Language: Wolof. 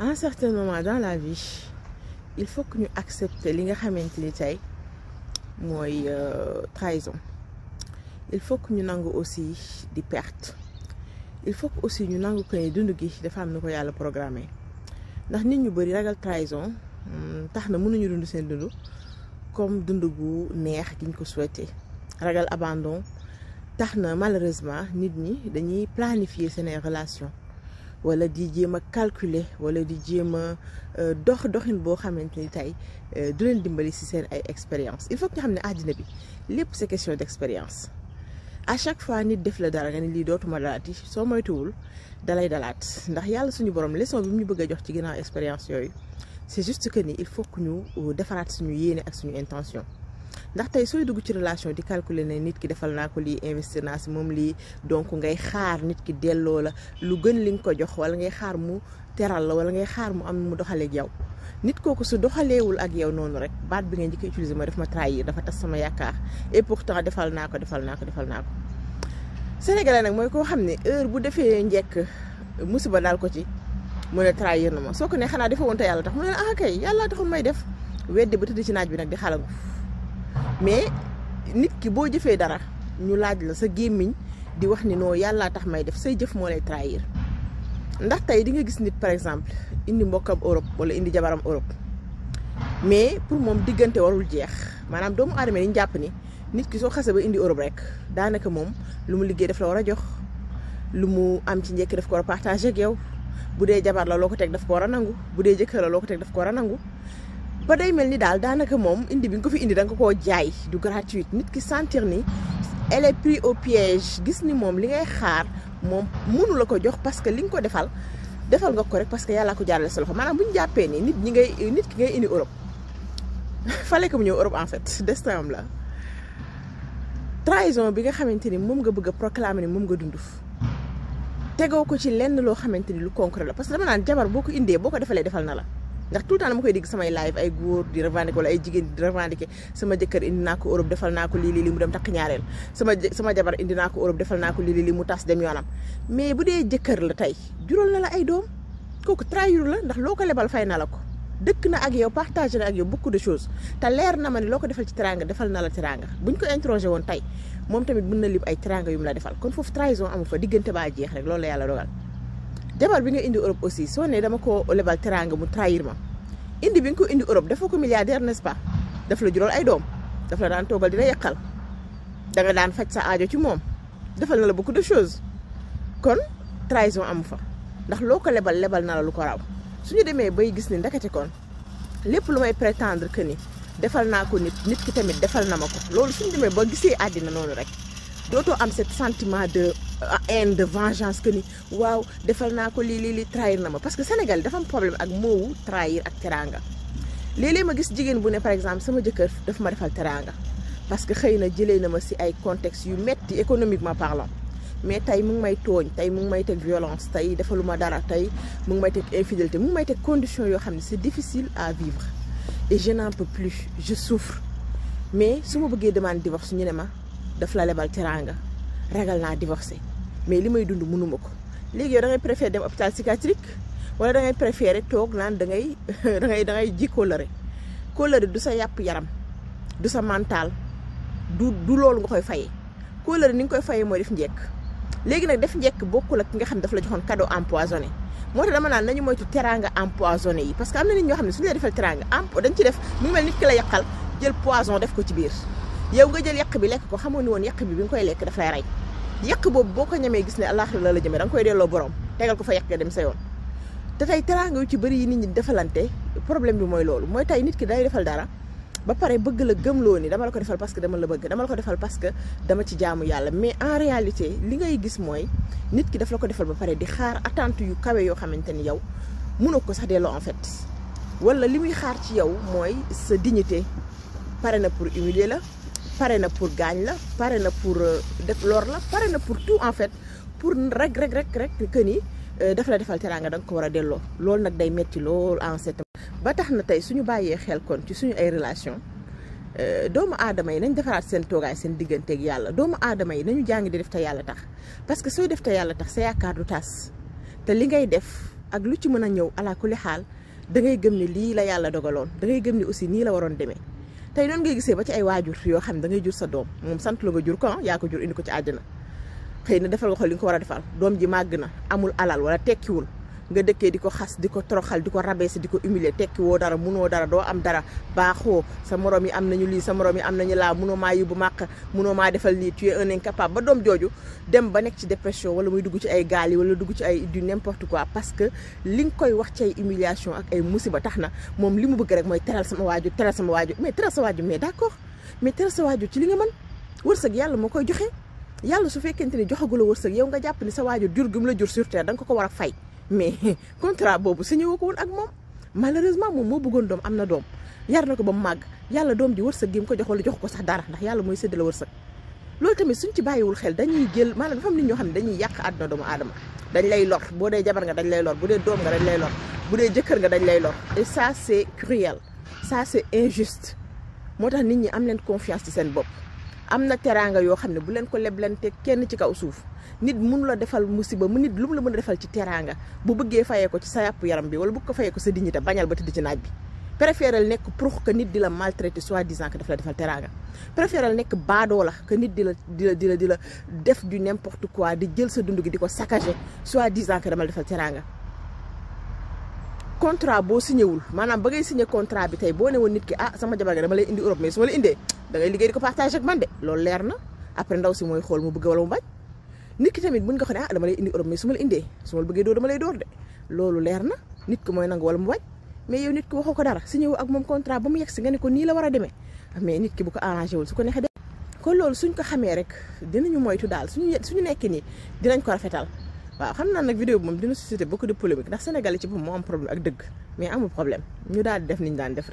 à un moment dans la vie il faut que ñu accepter li nga xamante ni tey mooy euh, trahison il faut que ñu nangu aussi di perte il faut que aussi ñu nangu ko ni dund gi dafa am na ko yàlla programmé ndax nit ñu bëri ragal trahison hmm, tax na mënuñu dund seen dundu comme dund gu neex giñ ko souhaité ragal abandon tax na malheureusement nit ñi dañuy planifier seen relation wala di jéem a calculer wala di jéem a euh, dox doxin boo xamante ni tey euh, du leen dimbali si seen ay expérience il faut que nga xam ne àddina bi lépp c'est question d'expérience à chaque fois nit def la dara nga ni lii dootuma dalaat yi soo moytuwul dalay dalaat ndax yàlla suñu borom leçon bi mu ñu bëgg a jox ci ginnaaw expérience yooyu c'est juste que ni il faut que ñu euh, defaraat suñu yéene ak suñu intention ndax tey sooy dugg ci relation di calculer nit ki defal naa ko lii investir naa si moom lii donc ngay xaar nit ki delloo la lu gën li nga ko jox wala ngay xaar mu teral la wala ngay xaar mu am mu doxaleeg yow nit kooku su doxaleewul ak yow noonu rek baat bi nga njëkk a utiliser mooy daf ma trahir dafa tas sama yaakaar et defal naa ko defal naa ko defal naa ko sénégalais nag mooy koo xam ne heure bu defee njekk musiba daal ko ci mu ne trahir na ma soo ko ne xanaa dafa te yàlla tax mu ne ah kay yàlla taxul may def weddi ba tëdd naaj bi nag di xalangu mais nit ki boo jëfee dara ñu laaj la sa gémmiñ di wax ni noo yàllaa tax may def say jëf moo lay trahir ndax tey di nga gis nit par exemple indi mbokkam Europe wala indi jabaram Europe mais pour moom diggante warul jeex maanaam doomu aadama yi ñu jàpp ni nit ki soo xasee ba indi Europe rek daanaka moom lu mu liggéey daf la war a jox lu mu am ci njekki daf ko war a partagé ak yow bu dee jabar la loo ko teg daf ko war a nangu bu dee jëkkër la loo ko teg daf ko war a nangu ba day mel ni daal daanaka moom indi bi nga ko fi indi da nga koo jaay du gratuite nit ki sentir ni elle est au piège gis ni moom li ngay xaar moom mënu ko jox parce que li nga ko defal defal nga ko rek parce que yàlla ko jaarale sa loxo maanaam bu ñu jàppee ni nit ñi ngay nit ki ngay indi Europe fa que mu ñëw Europe en fait destin am la trahison bi nga xamante ni moom nga bëgg a proclamer ni moom nga dund tegoo ko ci lenn loo xamante ni lu concret la parce que dama naan jabar boo ko indee boo ko defalee defal na la. ndax tout le temps dama koy dégg samay live ay góor di revendiquer wala ay jigéen di revendiquer sama jëkkër indi naa ko Europe defal naa ko lii lii mu dem takk ñaareel sama sama jabar indi naa ko defal naa ko lii lii lii mu tas dem yoonam mais bu dee jëkkër la tey jural na la ay doom kooku trahir la ndax loo ko lebal fay na la ko dëkk na ak yow partagé na ak yow beaucoup de choses te leer na ma ne loo ko defal ci teranga defal na la teranga buñ ko interrogé woon tey moom tamit mën na lib ay teranga yu mu la defal kon foofu trahison amu fa diggante baa jeex rek loolu la jabar bi nga indi Europe aussi soo ne dama ko lebal teraanga mu trahir ma indi bi nga ko indi Europe dafa ko milliardaire n'est-ce pas daf la jural ay doom daf la daan toogal dina yàqal da nga daan faj sa aajo ci moom defal na la ko de choses kon trahison amu fa ndax loo ko lebal lebal na la lu ko raw suñu demee bay gis ni ndakate kon lépp lu may prétendre que ni defal naa ko nit nit ki tamit defal na ma ko loolu suñu demee ba gisee àddina noonu rek dootoo am cet sentiment de haine de vengeance que ni waaw defal naa ko lii lii lii trahir na ma parce que Sénégal dafa am problème ak moowu trahir ak teraanga léeg-léeg ma gis jigéen bu ne par exemple sama jëkkër dafa ma defal teraanga parce que xëy na jëlee na ma si ay contexte yu metti économiquement parlant mais tey mu ngi may tooñ tey mu may teg violence tey defalu ma dara tey mu ngi may teg infidélité mu may teg condition yoo xam ne c'est difficile à vivre et je n'en peux plus mais su ma bëggee demande divorce ñu ne ma daf la lebal teraanga ragal naa divorcer mais li may dund mënuma ko léegi yow da ngay préféré dem hôpital psychiatrique wala da ngay préféré toog naan da ngay ngay da ngay ji kóllëre kóllëre du sa yàpp yaram du sa mental du loolu nga koy fayee kóllëre ni nga koy fayee mooy def njekk léegi nag def njekk bokkul ak ki nga xam ne dafa la joxoon cadeau empoisonné moo tax dama naan nañu moytu teranga empoisonné yi parce que am na nit ñoo xam ne suñu la defal teranga empo dañ ci def mu ngi mel nit ki la yàqal poison def ko ci biir yow nga jël yàq bi lekk ko xamoon woon yàq bi bi nga koy lekk daf lay yàq boobu boo ko ñamee gis ne àllaaxira la la jëmee danga koy delloo borom tegal ko fa yàq dem sa yoon te tey teraanga yu ci bëri yi nit ñi defalante problème bi mooy loolu mooy tey nit ki day defal dara ba pare bëgg la gëmloo ni dama la ko defal parce que dama la bëgg dama la ko que dama ci jaamu yàlla mais en réalité li ngay gis mooy nit ki daf ko defal ba pare di xaar attente yu kawe yoo xamante ni yow mënoo ko sax delloo en fait wala li muy xaar ci yow mooy sa dignité pare na pour humilier la pare na pour gaañ la pare na pour euh, def lor la pare na pour tout en fait pour rek rek rek rek que ni euh, dafa la defal teraanga da nga ko war a delloo loolu nag day metti lool en ce ba tax na tey suñu bàyyee xel kon ci suñu ay relation euh, doomu aadama yi nañ defaraat seen toogaay seen digganteeg yàlla doomu aadama yi nañu jàng di def te yàlla tax parce que sooy def te yàlla tax sa yaakaar du taas te li ngay def ak lu ci mën a ñëw ala kulli xaal da ngay gëm ni lii la yàlla dogaloon da ngay gëm ni aussi nii la waroon demee. tey noonu ngay gisee ba ci ay waajur yoo xam ne da jur sa doom moom sant la nga jur ko yaa ko jur indi ko ci àddina xëy na defal nga xool li nga ko war a defal doom ji màgg na amul alal wala tekkiwul nga dëkkee di ko xas di ko toroxal di ko sa di ko humilier tekki woo dara munoo dara doo am dara baaxoo sa morom yi am nañu lii sa morom yi am nañu laa munoo maa yóbbu màq munoo maa defal lii tu es un incapable ba doom jooju dem ba nekk ci dépression wala muy dugg ci ay gaal yi wala dugg ci ay du n'importe quoi parce que li nga koy wax ci ay humiliation ak ay musiba tax na moom li mu bëgg rek mooy teral sama waajur teral sama waajur mais teral sa waajur mais d'accord mais teral sa waajur ci li nga mën wërsëg yàlla moo koy joxe yàlla su fekkente ni joxagula wërsëg yow nga jàpp ni sa waajur jur gi la jur sur terre ko ko war a fay mais contrat boobu signé woo ko woon ak moom malheureusement moom moo bëggoon doom am na doom yar na ko ba mu màgg yàlla doom ji wërsëg gi mu ko jox jox ko sax dara ndax yàlla mooy séddale wërsëg loolu tamit suñ ci wul xel dañuy jël maanaam dafa am nit ñoo xam ne dañuy yàq àdduna doomu adama dañ lay lor boo dee jabar nga dañ lay lor bu dee doom nga dañ lay lor bu dee jëkkër nga dañ lay lor et ça c'est cruel ça c'est injuste moo tax nit ñi am leen confiance ci seen bopp am na teraanga yoo xam ne bu leen ko leblante kenn ci kaw suuf nit mënu la defal musiba mu nit lu mu la mën a defal ci teraanga bu bëggee fayee ko ci sa yàpp yaram bi wala bu ko fayee ko sa dignité bañal ba tëdd ci naaj bi préféral nekk nit di la maltraité soi-disant que daf la defal teraanga préféral nekk baadoo la nit di la di la di la di la def du n'importe quoi di jël sa dund gi di ko saccagé soi-disant que dama la defal teraanga contrat boo signé wul maanaam ba ngay signé contrat bi tey boo ne woon nit ki ah sama jabar ga dama indi Europe mais su la indee da ngay liggéey di ko partage ak man de loolu leer na après ndaw si mooy xool mu bëgg wala mu bañ nit ki tamit buñ ko xam ne ah, indi Europe mais su ma la indee su ma la bëggee mooy nangu wala mu mais yow nit ki waxoo ko dara si ak moom contrat ba mu yegg si nga ne ko nii la war a demee mais nit ki bu ko wul su ko neexee kon loolu suñ ko xamee rek ñu moytu daal suñu suñu nekk nii dinañ ko rafetal waaw xam naa nag vidéo bi moom dina suscité beaucoup de polémique ndax Sénégal ci boppam moo am problème ak dëgg mais amul problème ñu daal def niñ daan def